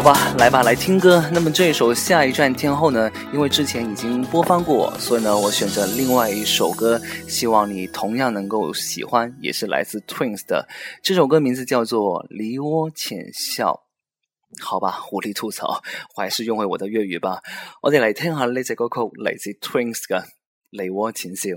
好吧，來吧，來聽歌。那麼這一首《下一站天后》呢，因為之前已經播放過我，所以呢，我選擇另外一首歌，希望你同樣能夠喜歡。也是來自 Twins 的這首歌，名字叫做《梨渦淺笑》。好吧，無力吐槽，我還是用回我的粵語吧。我哋來聽下 c o 歌曲，嚟自 Twins 嘅《梨渦淺笑》。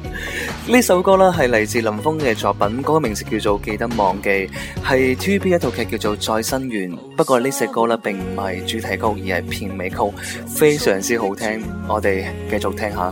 呢首歌呢，係嚟自林峰嘅作品，歌名是叫做《記得忘記》，係 TVB 一套劇叫做《再生緣》，不過呢首歌呢，並唔係主題曲，而係片尾曲，非常之好聽，我哋繼續聽下。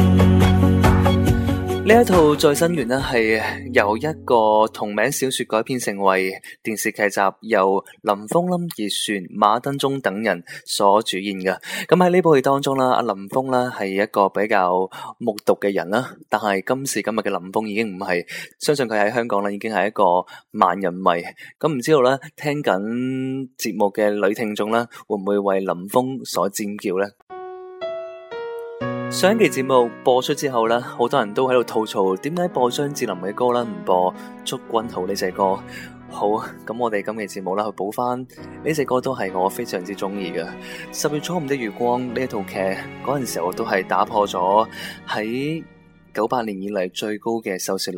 呢一套《再生緣》咧，係由一個同名小說改編成為電視劇集，由林峰、葉璇、馬德鍾等人所主演嘅。咁喺呢部戲當中啦，阿林峰咧係一個比較木訥嘅人啦，但係今時今日嘅林峰已經唔係，相信佢喺香港咧已經係一個萬人迷。咁唔知道咧，聽緊節目嘅女聽眾咧，會唔會為林峰所尖叫咧？上一期節目播出之後呢好多人都喺度吐槽，點解播張智霖嘅歌啦？唔播祝君好呢隻歌。好，咁我哋今期節目呢去補翻呢隻歌，都係我非常之中意嘅。十月初五的月光呢一套劇，嗰陣時候我都係打破咗喺九八年以嚟最高嘅收視率。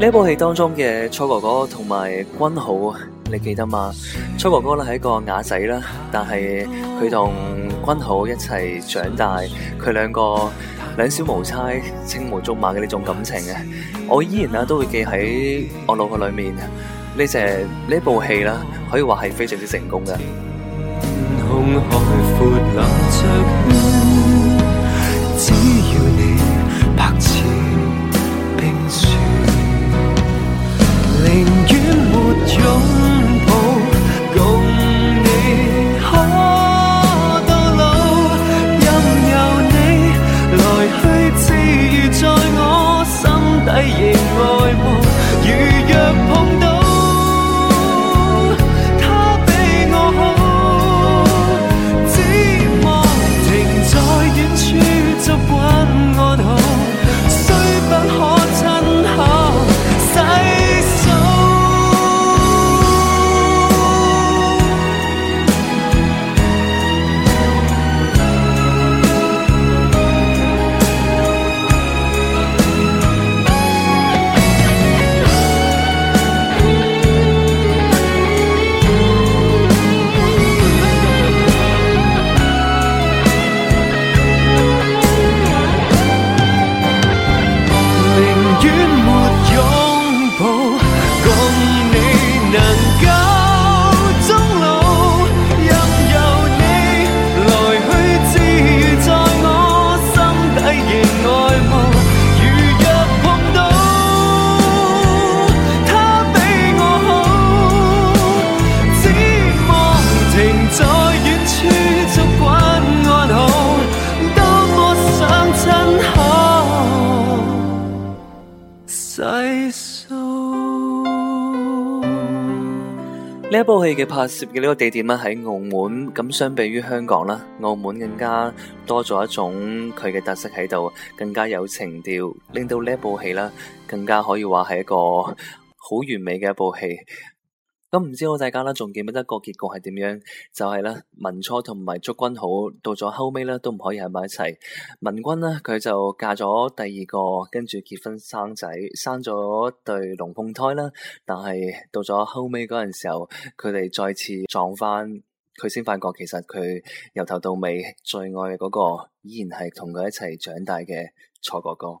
呢一部戲當中的初哥哥同埋君好，你記得嘛？初哥哥係一個啞仔啦，但係佢同君好一起長大，佢兩個兩小無猜，青梅竹馬的呢種感情咧，我依然都會記在我腦海裏面。這隻部戲可以話係非常之成功嘅。嗯空海闊呢一部戲嘅拍攝嘅呢個地點咧喺澳門，咁相比於香港啦，澳門更加多咗一種佢嘅特色喺度，更加有情調，令到呢一部戲啦更加可以話係一個好完美嘅一部戲。咁唔知好大家啦，仲記唔記得個結局係點樣？就係咧，文初同埋祝君好，到咗後尾咧都唔可以喺埋一齊。文君咧，佢就嫁咗第二個，跟住結婚生仔，生咗對龍鳳胎啦。但係到咗後尾嗰陣時候，佢哋再次撞翻，佢先發覺其實佢由頭到尾最愛嘅嗰個，依然係同佢一齊長大嘅楚哥哥。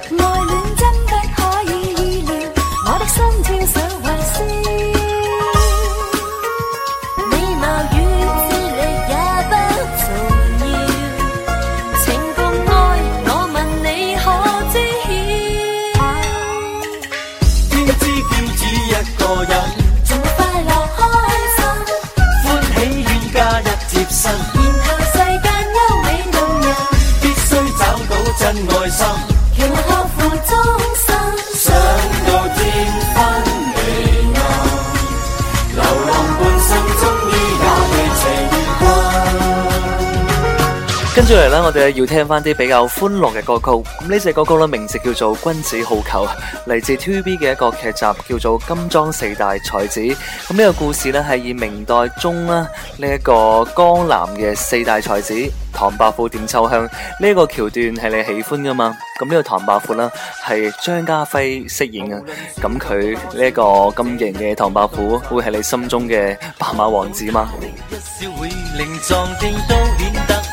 跟住嚟咧，我哋要聽翻啲比較歡樂嘅歌曲。咁、嗯、呢隻歌曲咧，名字叫做《君子好逑》，嚟自 TVB 嘅一個劇集，叫做《金裝四大才子》。咁、嗯、呢、這個故事咧，係以明代中啦呢一、這個江南嘅四大才子唐伯虎點秋香呢一、這個橋段係你喜歡噶嘛？咁、嗯、呢、這個唐伯虎呢，係張家輝飾演嘅。咁佢呢一個金型嘅唐伯虎，會係你心中嘅白馬王子嗎？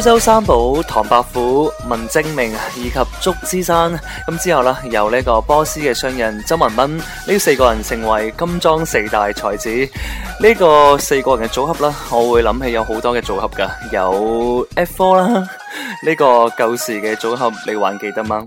蘇州三寶唐伯虎、文徵明以及祝枝山，咁之後啦，由呢個波斯嘅商人周文斌，呢四個人成為金裝四大才子。呢、這個四個人嘅組合啦，我會諗起有好多嘅組合噶，有 F4 啦，呢、這個舊時嘅組合，你還記得嗎？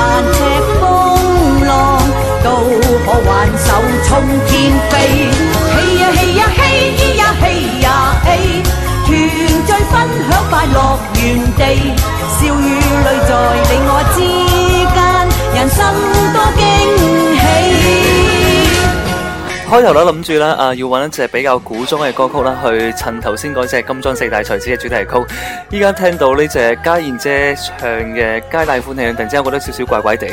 地笑與淚在你我之間人生多驚喜。開頭咧諗住咧啊，要搵一隻比較古裝嘅歌曲咧，去襯頭先嗰隻《金裝四大才子》嘅主題曲。依家聽到呢隻家燕姐唱嘅《皆大歡喜》，突然之間覺得少少怪怪地。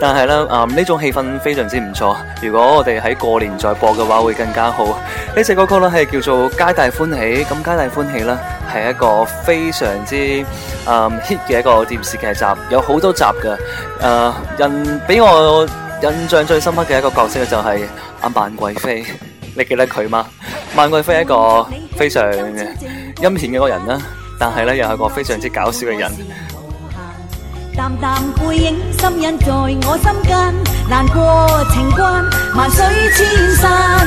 但係咧啊，呢種氣氛非常之唔錯。如果我哋喺過年再播嘅話，會更加好。這呢隻歌曲咧係叫做《皆大歡喜》。咁《皆大歡喜》呢啦。係一個非常之誒、嗯、hit 嘅一個電視劇集，有好多集嘅。誒人俾我印象最深刻嘅一個角色就係阿萬貴妃。你記得佢嗎？萬貴妃係一個非常陰險嘅一個人啦，但係咧又係個非常之搞笑嘅人。淡淡背影，深印在我心間，難過情關，萬水千山。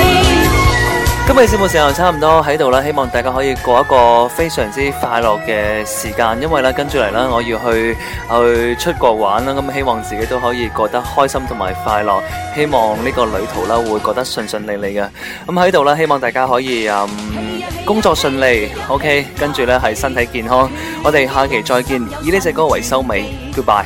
今日節目時間差唔多喺度啦，希望大家可以過一個非常之快樂嘅時間。因為咧跟住嚟咧，我要去去出國玩啦，咁希望自己都可以過得開心同埋快樂。希望呢個旅途啦會過得順順利利嘅。咁喺度咧，希望大家可以啊工作順利，OK，跟住咧係身體健康。我哋下期再見，以呢隻歌為收尾，Goodbye。